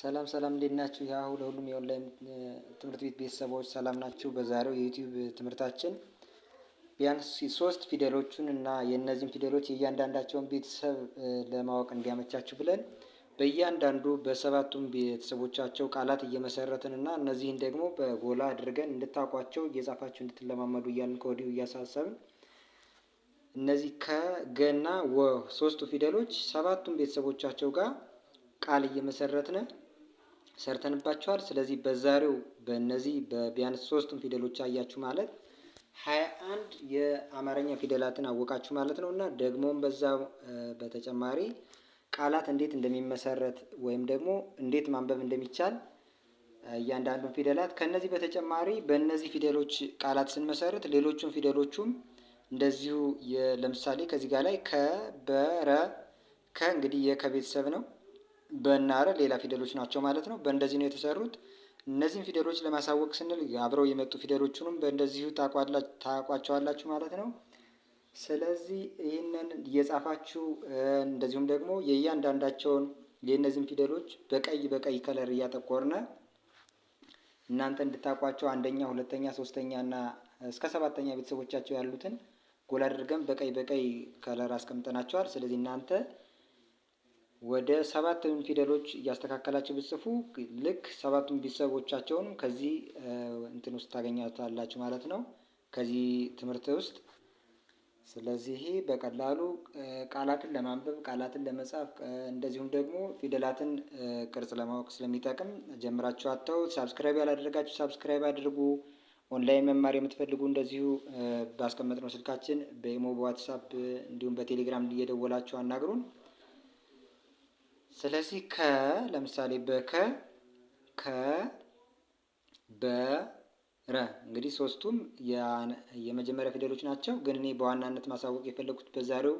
ሰላም ሰላም እንዴት ናችሁ? ያው ለሁሉም የኦንላይን ትምህርት ቤት ቤተሰቦች ሰላም ናችሁ? በዛሬው የዩቲዩብ ትምህርታችን ቢያንስ ሶስት ፊደሎቹን እና የእነዚህን ፊደሎች የእያንዳንዳቸውን ቤተሰብ ለማወቅ እንዲያመቻችሁ ብለን በእያንዳንዱ በሰባቱም ቤተሰቦቻቸው ቃላት እየመሰረትን እና እነዚህን ደግሞ በጎላ አድርገን እንድታውቋቸው እየጻፋችሁ እንድትለማመዱ እያልን ከወዲሁ እያሳሰብን እነዚህ ከገና ወ ሶስቱ ፊደሎች ሰባቱም ቤተሰቦቻቸው ጋር ቃል እየመሰረትን ሰርተንባቸዋል። ስለዚህ በዛሬው በእነዚህ በቢያንስ ሶስቱም ፊደሎች አያችሁ ማለት ሀያ አንድ የአማርኛ ፊደላትን አወቃችሁ ማለት ነው እና ደግሞም በዛ በተጨማሪ ቃላት እንዴት እንደሚመሰረት ወይም ደግሞ እንዴት ማንበብ እንደሚቻል እያንዳንዱን ፊደላት ከነዚህ በተጨማሪ በእነዚህ ፊደሎች ቃላት ስንመሰርት ሌሎቹን ፊደሎቹም እንደዚሁ ለምሳሌ ከዚህ ጋር ላይ ከበረ ከ እንግዲህ የከቤተሰብ ነው በናረ ሌላ ፊደሎች ናቸው ማለት ነው። በእንደዚህ ነው የተሰሩት። እነዚህን ፊደሎች ለማሳወቅ ስንል አብረው የመጡ ፊደሎቹንም በእንደዚሁ ታውቋቸዋላችሁ ማለት ነው። ስለዚህ ይህንን እየጻፋችሁ እንደዚሁም ደግሞ የእያንዳንዳቸውን የእነዚህን ፊደሎች በቀይ በቀይ ከለር እያጠቆርነ እናንተ እንድታውቋቸው አንደኛ፣ ሁለተኛ፣ ሶስተኛ እና እስከ ሰባተኛ ቤተሰቦቻቸው ያሉትን ጎላ አድርገን በቀይ በቀይ ከለር አስቀምጠናቸዋል። ስለዚህ እናንተ ወደ ሰባት ፊደሎች እያስተካከላችሁ ብጽፉ ልክ ሰባቱን ቤተሰቦቻቸውን ከዚህ እንትን ውስጥ ታገኛታላችሁ ማለት ነው፣ ከዚህ ትምህርት ውስጥ። ስለዚህ በቀላሉ ቃላትን ለማንበብ ቃላትን ለመጻፍ እንደዚሁም ደግሞ ፊደላትን ቅርጽ ለማወቅ ስለሚጠቅም ጀምራችሁ አተው ሳብስክራይብ ያላደረጋችሁ ሳብስክራይብ አድርጉ። ኦንላይን መማር የምትፈልጉ እንደዚሁ ባስቀመጥነው ስልካችን በኢሞ በዋትሳፕ እንዲሁም በቴሌግራም እየደወላችሁ አናግሩን። ስለዚህ ከ ለምሳሌ በከ ከ በረ እንግዲህ ሶስቱም የመጀመሪያ ፊደሎች ናቸው። ግን እኔ በዋናነት ማሳወቅ የፈለጉት በዛሬው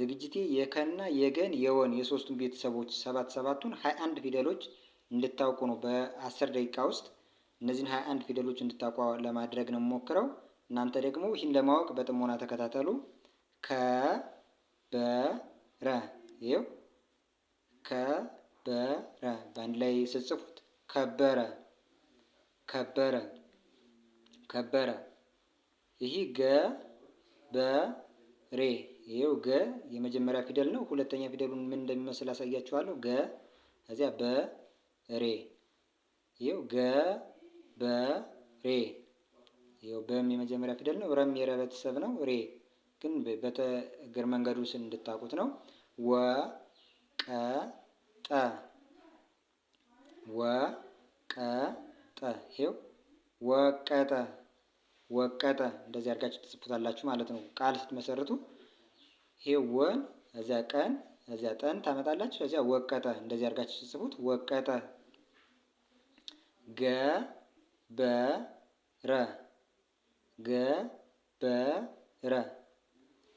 ዝግጅቴ የከና የገን የወን የሶስቱን ቤተሰቦች ሰባት ሰባቱን ሀያ አንድ ፊደሎች እንድታውቁ ነው። በአስር ደቂቃ ውስጥ እነዚህን ሀያ አንድ ፊደሎች እንድታውቁ ለማድረግ ነው የምሞክረው። እናንተ ደግሞ ይህን ለማወቅ በጥሞና ተከታተሉ። ከበረ ይኸው ከበረ በአንድ ላይ ስትጽፉት ከበረ ከበረ ከበረ። ይህ ገ በሬ ይኸው ገ የመጀመሪያ ፊደል ነው። ሁለተኛ ፊደሉን ምን እንደሚመስል አሳያችኋለሁ። ገ እዚያ በሬ ይኸው ገ በሬ ይኸው በም የመጀመሪያ ፊደል ነው። ረም የረ ቤተሰብ ነው። ሬ ግን እግር መንገዱ ስን እንድታውቁት ነው። ወ ቀ ጠ ወ ቀ ጠ ይሄው ወቀጠ ወቀጠ እንደዚህ አድርጋችሁ ትጽፉታላችሁ ማለት ነው። ቃል ስትመሰርቱ ይሄ ወን እዚያ ቀን እዚያ ጠን ታመጣላችሁ። እዚያ ወቀጠ እንደዚህ አድርጋችሁ ትጽፉት ወቀጠ። ገ ረ ገ ረ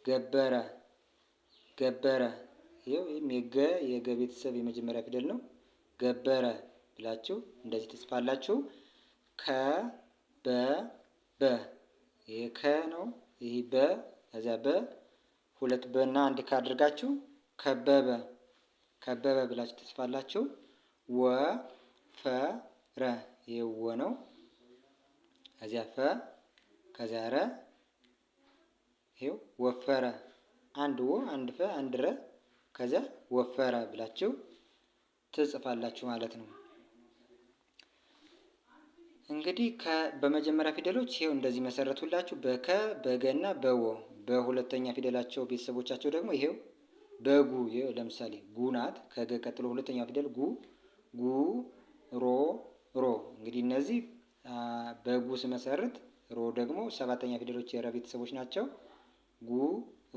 ገበረ ገበረ ይኸው ይህም የገ የገ ቤተሰብ የመጀመሪያ ፊደል ነው። ገበረ ብላችሁ እንደዚህ ትጽፋላችሁ። ከ በ በ ይሄ ከ ነው። ይሄ በ ከዚያ በ ሁለት በ እና አንድ ከ አድርጋችሁ ከበበ ከበበ ብላችሁ ትጽፋላችሁ። ወ ፈ ረ ይሄ ወ ነው። ከዚያ ፈ ከዚያ ረ ይሄው ወፈረ አንድ ወ አንድ ፈ አንድ ረ ከዚያ ወፈረ ብላችሁ ትጽፋላችሁ ማለት ነው። እንግዲህ በመጀመሪያ ፊደሎች ይሄው እንደዚህ መሰረቱላችሁ። በከ በገና በወ በሁለተኛ ፊደላቸው ቤተሰቦቻቸው ደግሞ ይሄው በጉ ለምሳሌ ጉ ናት። ከገ ቀጥሎ ሁለተኛው ፊደል ጉ ጉ ሮ ሮ። እንግዲህ እነዚህ በጉ ስመሰርት ሮ ደግሞ ሰባተኛ ፊደሎች የረ ቤተሰቦች ናቸው። ጉ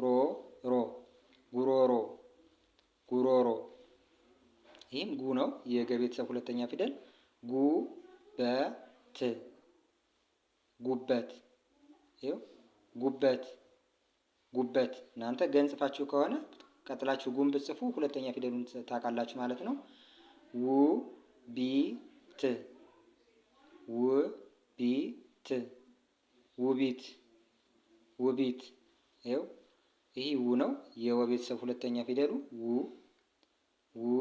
ሮ የገቤተሰብ ሁለተኛ ፊደል ጉ ት ጉበት ይኸው ጉበት ጉበት። እናንተ ገን ጽፋችሁ ከሆነ ቀጥላችሁ ጉን ብትጽፉ ሁለተኛ ፊደሉን ታውቃላችሁ ማለት ነው። ው ቢ ት ው ቢ ት ውቢት ውቢት ይኸው ይህ ው ነው የወ ቤተሰብ ሁለተኛ ፊደሉ ው ው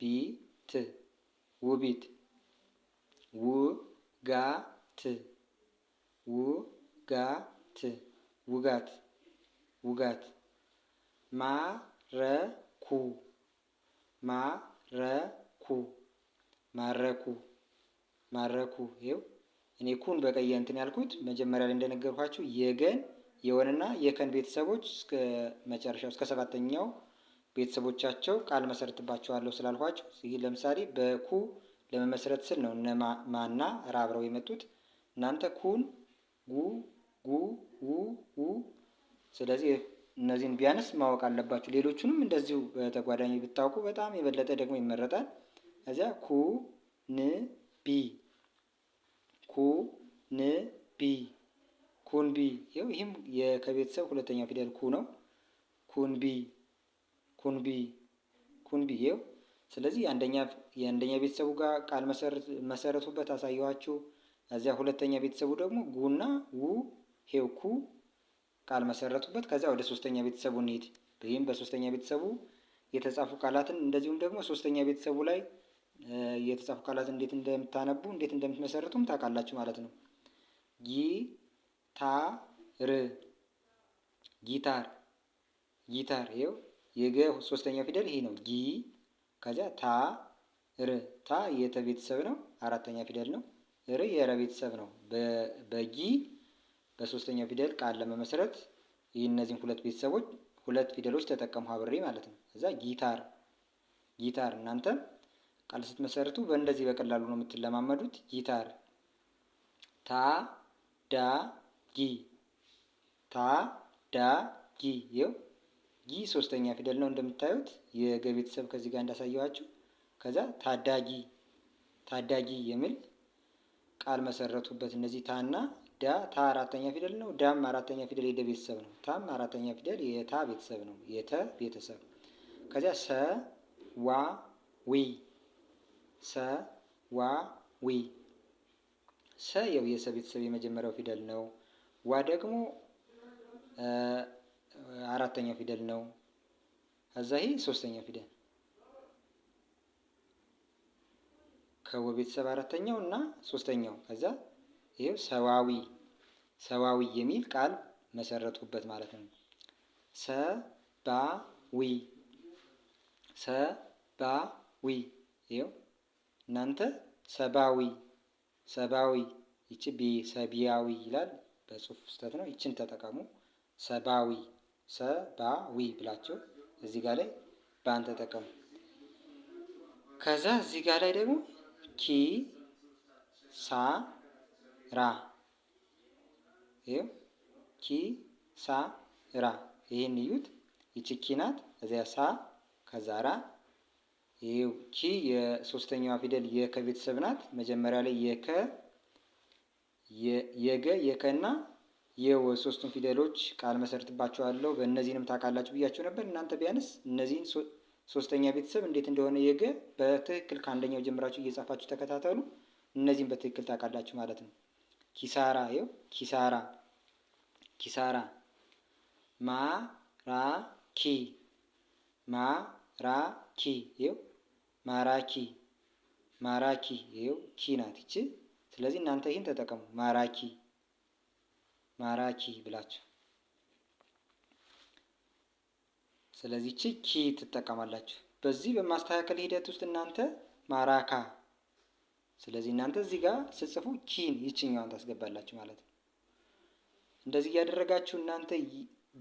ቢ ት ውቢት ውጋት ውጋት ውጋት ውጋት ማረኩ ማረኩ ማረኩ ማረኩ ይኸው እኔ ኩን በቀየ እንትን ያልኩት መጀመሪያ ላይ እንደነገርኳችሁ የገን የወንና የከን ቤተሰቦች እስከ መጨረሻው እስከ ሰባተኛው ቤተሰቦቻቸው ቃል መሰረትባቸዋለሁ ስላልኳቸው ይህ ለምሳሌ በኩ ለመመስረት ስል ነው እነ ማና የመጡት እናንተ ኩን ጉ ጉ ው ው ስለዚህ እነዚህን ቢያንስ ማወቅ አለባችሁ። ሌሎቹንም እንደዚሁ በተጓዳኝ ብታውቁ በጣም የበለጠ ደግሞ ይመረጣል። እዚያ ኩ ን ቢ ኩ ን ቢ ኩንቢ ይህም ከቤተሰብ ሁለተኛው ፊደል ኩ ነው። ኩን ቢ ኩንቢ ኩንቢ ይኸው። ስለዚህ አንደኛ የአንደኛ ቤተሰቡ ጋር ቃል መሰረቱበት አሳየኋችሁ። ከዚያ ሁለተኛ ቤተሰቡ ደግሞ ጉና ው ሄው ኩ ቃል መሰረቱበት። ከዚያ ወደ ሶስተኛ ቤተሰቡ እንሂድ። ይህም በሶስተኛ ቤተሰቡ የተጻፉ ቃላትን እንደዚሁም ደግሞ ሶስተኛ ቤተሰቡ ላይ የተጻፉ ቃላት እንዴት እንደምታነቡ እንዴት እንደምትመሰርቱም ታውቃላችሁ ማለት ነው። ጊታር ጊታር ጊታር ይኸው የገ ሶስተኛው ፊደል ይሄ ነው። ጊ ከዚያ ታ ር ታ የተ ቤተሰብ ነው። አራተኛ ፊደል ነው። ር የረ ቤተሰብ ነው። በጊ በሶስተኛው ፊደል ቃል ለመመስረት እነዚህን ሁለት ቤተሰቦች ሁለት ፊደሎች ተጠቀሙ አብሬ ማለት ነው። እዛ ጊታር ጊታር። እናንተ ቃል ስትመሰርቱ በእንደዚህ በቀላሉ ነው የምትለማመዱት። ጊታር ታ ዳ ጊ ታ ዳ ጊ ይው ይህ ሶስተኛ ፊደል ነው እንደምታዩት የገ ቤተሰብ ከዚህ ጋር እንዳሳየዋችሁ። ከዛ ታዳጊ ታዳጊ የሚል ቃል መሰረቱበት። እነዚህ ታና ዳ ታ አራተኛ ፊደል ነው። ዳም አራተኛ ፊደል የደ ቤተሰብ ነው። ታም አራተኛ ፊደል የታ ቤተሰብ ነው። የተ ቤተሰብ ከዚያ ሰ ዋ ዊ ሰ ዋ ዊ ሰ የው የሰ ቤተሰብ የመጀመሪያው ፊደል ነው። ዋ ደግሞ አራተኛው ፊደል ነው። ከዛ ይሄ ሶስተኛው ፊደል ከወ ቤተሰብ አራተኛው እና ሶስተኛው። ከዛ ይሄው ሰዋዊ ሰዋዊ የሚል ቃል መሰረትኩበት ማለት ነው። ሰባዊ ሰባዊ ይሄው እናንተ ሰባዊ ሰባዊ ይቺ ሰቢያዊ ይላል በጽሁፍ ስህተት ነው። ይችን ተጠቀሙ ሰባዊ ሰባዊ ብላችሁ እዚህ ጋር ላይ በአንተ ተጠቀሙ። ከዛ እዚህ ጋር ላይ ደግሞ ኪ ሳ ራ ይኸው ኪ ሳ ራ ይሄን እዩት። ይቺ ኪ ናት። እዚያ ሳ ከዛ ራ ይኸው ኪ የሶስተኛዋ ፊደል የከ ቤተሰብ ናት። መጀመሪያ ላይ የከ የገ የከና የው ሶስቱን ፊደሎች ቃል አለው በእነዚህንም ታውቃላችሁ ብያቸው ነበር። እናንተ ቢያንስ እነዚህን ሶስተኛ ቤተሰብ እንዴት እንደሆነ የገ በትክክል ከአንደኛው ጀምራችሁ እየጻፋችሁ ተከታተሉ። እነዚህን በትክክል ታውቃላችሁ ማለት ነው። ኪሳራ ይው ኪሳራ ኪሳራ ማራኪ ማራኪ ይው ማራኪ ማራኪ ይው ኪ ናት ይቺ። ስለዚህ እናንተ ይህን ተጠቀሙ። ማራኪ ማራኪ ብላችሁ ስለዚህ ቺ ኪ ትጠቀማላችሁ። በዚህ በማስተካከል ሂደት ውስጥ እናንተ ማራካ ስለዚህ እናንተ እዚህ ጋር ስጽፉ ኪን ይችኛዋን ታስገባላችሁ ማለት ነው። እንደዚህ እያደረጋችሁ እናንተ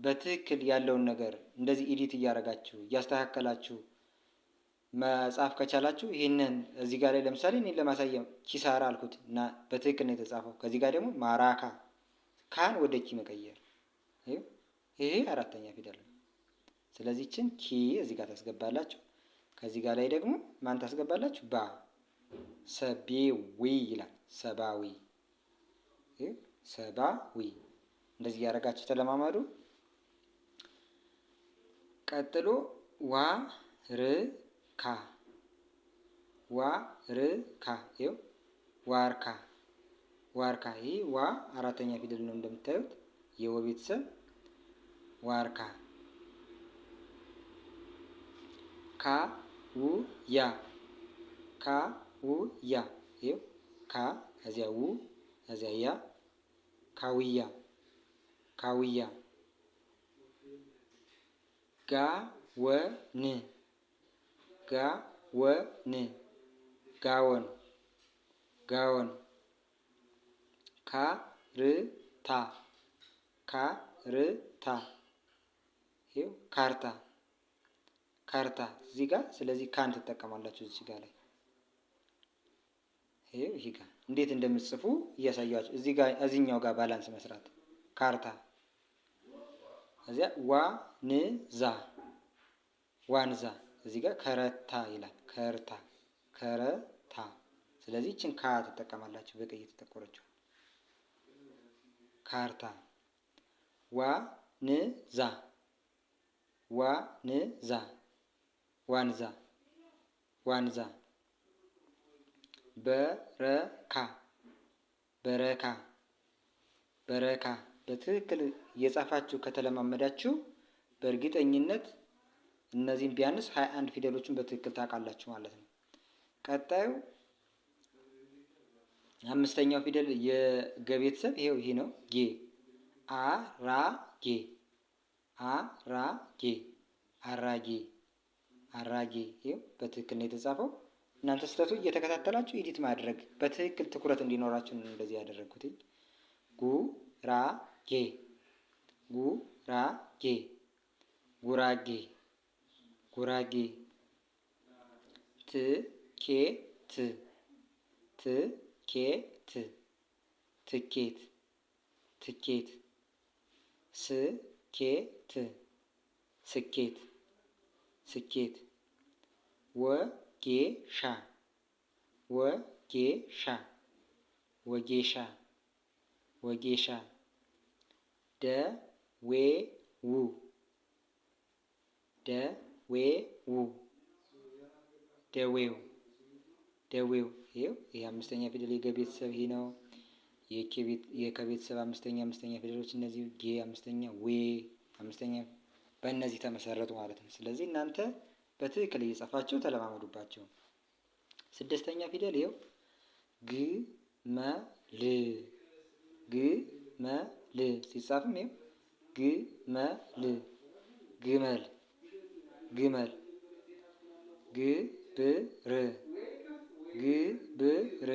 በትክክል ያለውን ነገር እንደዚህ ኢዲት እያደረጋችሁ እያስተካከላችሁ መጻፍ ከቻላችሁ ይህንን እዚህ ጋር ላይ ለምሳሌ እኔ ለማሳየም ኪሳራ አልኩት እና በትክክል ነው የተጻፈው። ከዚህ ጋር ደግሞ ማራካ ካን ወደ ኪ መቀየር። ይሄ አራተኛ ፊደል ነው። ስለዚህችን ኪ እዚህ ጋር ታስገባላችሁ። ከዚህ ጋር ላይ ደግሞ ማን ታስገባላችሁ? ባ ሰቤዊ ይላል። ሰባዊ ሰባዊ። እንደዚህ ያደረጋችሁ ተለማመዱ። ቀጥሎ ዋ ር ካ ዋ ር ካ ዋርካ ዋርካ ይሄ ዋ አራተኛ ፊደል ነው እንደምታዩት የወ ቤተሰብ ዋርካ ካ ው ያ ካ ው ያ ይኸው ካ ከዚያ ው ከዚያ ያ ካውያ ካውያ ጋ ወ ን ጋ ወ ን ጋወን ጋወን ካርታ ካርታ ይኸው ካርታ ካርታ እዚህ ጋር ስለዚህ ካን ትጠቀማላችሁ እዚህ ጋር ላይ ይኸው ይሄ ጋር እንዴት እንደምትጽፉ እያሳያችሁ እዚህ ጋር እዚህኛው ጋር ባላንስ መስራት ካርታ እዚያ ዋንዛ ዋንዛ እዚህ ጋር ከረታ ይላል ከርታ ከረታ ስለዚህ ችን ካ ትጠቀማላችሁ በቀይ የተጠቆረችው ካርታ ዋንዛ ዋንዛ ዋንዛ ዋንዛ በረካ በረካ በረካ በትክክል እየጻፋችሁ ከተለማመዳችሁ በእርግጠኝነት እነዚህን ቢያንስ ሀያ አንድ ፊደሎችን በትክክል ታውቃላችሁ ማለት ነው። ቀጣዩ አምስተኛው ፊደል የገ ቤተሰብ ይሄው ይሄ ነው። ጌ አ ራ ጌ አ ራ ጌ አራጌ አራጌ ይሄው በትክክል ነው የተጻፈው። እናንተ ስህተቱ እየተከታተላችሁ ኤዲት ማድረግ በትክክል ትኩረት እንዲኖራችሁ እንደዚህ ያደረግኩት። ጉ ራ ጌ ጉ ራ ጌ ጉራጌ ጉራጌ ት ኬ ት ት ኬት ትኬት ትኬት ስኬት ስኬት ስኬት ወጌሻ ወጌሻ ወጌሻ ወጌሻ ደዌው ደዌው ደዌው ደዌው ይሄው ይሄ አምስተኛ ፊደል የገ ቤተሰብ ይሄ ነው። የከ ቤተሰብ አምስተኛ አምስተኛ ፊደሎች እነዚህ ጌ አምስተኛ ዌ አምስተኛ በእነዚህ ተመሰረቱ ማለት ነው። ስለዚህ እናንተ በትክክል እየጻፋችሁ ተለማመዱባቸው። ስድስተኛ ፊደል ይኸው ግ መ ል ግ መ ል ሲጻፍም ይኸው ግ መ ል ግመል ግመል ግ ብ ር ግብር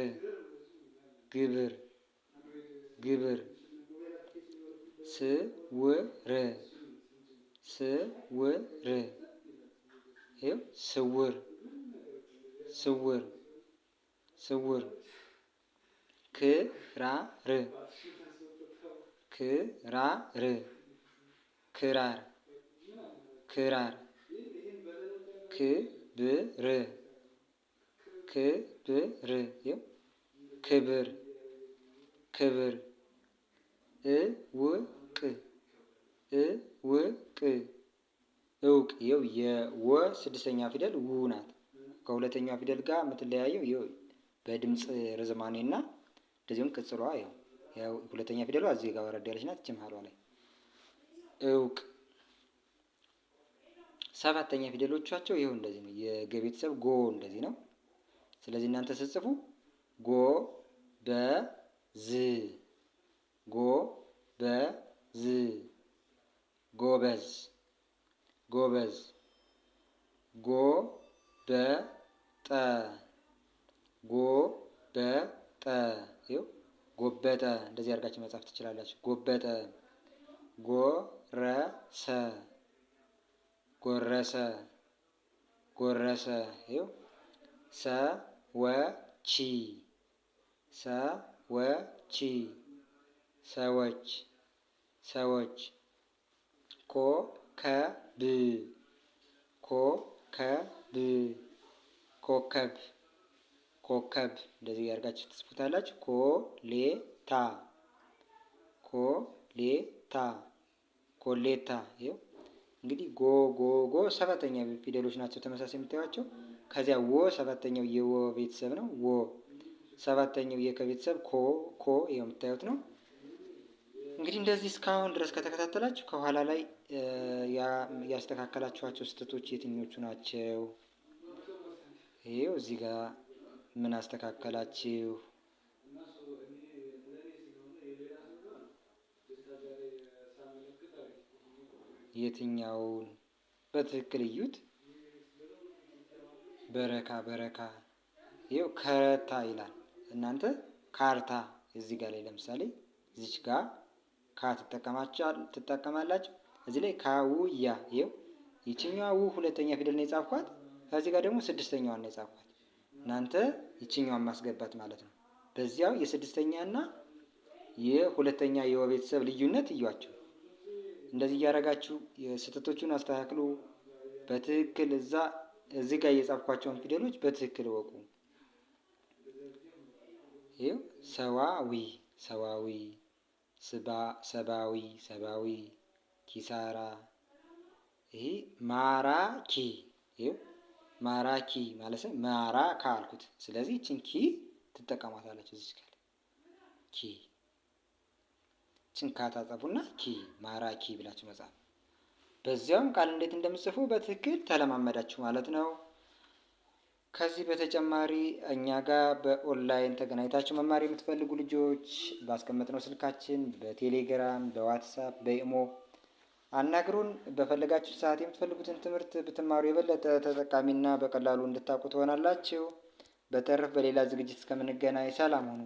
ግብር ግብር ስውር ስውር ይኸው ስውር ስውር ስውር ክራር ክራር ክራር ክራር ክብር ክብር ይኸው ክብር ክብር እውቅ እውቅ እውቅ ይኸው የወ ስድስተኛ ፊደል ው ናት። ከሁለተኛ ፊደል ጋር የምትለያየው ይኸው በድምፅ ርዝማኔ እና እንደዚሁም ቅጽሏ ይኸው ያው ሁለተኛ ፊደሏ እዚህ ጋር ወረድ ያለች ናት። እቺ መሀሏ ላይ እውቅ ሰባተኛ ፊደሎቻቸው ይኸው እንደዚህ ነው። የገ ቤተሰብ ጎ እንደዚህ ነው። ስለዚህ እናንተ ተሰጽፉ ጎ በ ዝ ጎ በ ዝ ጎበዝ ጎበዝ ጎ በ ጠ ጎ በ ጠ ይኸው ጎበጠ እንደዚህ አድርጋችሁ መጻፍ ትችላላችሁ። ጎበጠ ጎረሰ ጎረሰ ጎረሰ ይኸው ሰ ወቺ ሰወቺ ሰዎች ሰዎች ኮከብ ኮከብ ኮከብ ኮከብ እንደዚህ ያደርጋችሁ ትጽፉታላችሁ። ኮሌታ ኮሌታ ኮሌታ ይኸው እንግዲህ ጎ ጎ ጎ ሰባተኛ ፊደሎች ናቸው ተመሳሳይ የምታዩቸው። ከዚያ ወ ሰባተኛው የወ ቤተሰብ ነው። ወ ሰባተኛው የከ ቤተሰብ ኮ ኮ የምታዩት ነው። እንግዲህ እንደዚህ እስካሁን ድረስ ከተከታተላችሁ ከኋላ ላይ ያስተካከላችኋቸው ስህተቶች የትኞቹ ናቸው? ይሄው እዚህ ጋር ምን አስተካከላችሁ? የትኛውን በትክክል እዩት። በረካ በረካ ይኸው ከረታ ይላል። እናንተ ካርታ እዚህ ጋር ላይ ለምሳሌ እዚች ጋር ካ ትጠቀማላችሁ። እዚህ ላይ ካውያ ይኸው ይችኛዋ ው ሁለተኛ ፊደል ነው የጻፍኳት። ከዚህ ጋር ደግሞ ስድስተኛዋን ነው የጻፍኳት። እናንተ ይችኛዋን ማስገባት ማለት ነው። በዚያው የስድስተኛ እና የሁለተኛ የወ ቤተሰብ ልዩነት እዩዋቸው። እንደዚህ እያደረጋችሁ ስህተቶቹን አስተካክሉ በትክክል እዛ እዚህ ጋር እየጻፍኳቸውን ፊደሎች በትክክል ወቁ። ይኸው ሰዋዊ ሰዋዊ፣ ሰባዊ ሰባዊ፣ ኪሳራ። ይሄ ማራኪ ይኸው ማራኪ ማለት ነው። ማራካ አልኩት። ስለዚህ ይችን ኪ ትጠቀማታለች። እዚህ ጋር ኪ ችን ካታጠፉና ኪ ማራኪ ብላችሁ መጻፍ በዚያውም ቃል እንዴት እንደምጽፉ በትክክል ተለማመዳችሁ ማለት ነው። ከዚህ በተጨማሪ እኛ ጋር በኦንላይን ተገናኝታችሁ መማር የምትፈልጉ ልጆች ባስቀመጥነው ስልካችን በቴሌግራም፣ በዋትሳፕ፣ በኢሞ አናግሩን። በፈለጋችሁ ሰዓት የምትፈልጉትን ትምህርት ብትማሩ የበለጠ ተጠቃሚና በቀላሉ እንድታውቁ ትሆናላችሁ። በተረፍ በሌላ ዝግጅት እስከምንገናኝ ሰላም ሁኑ።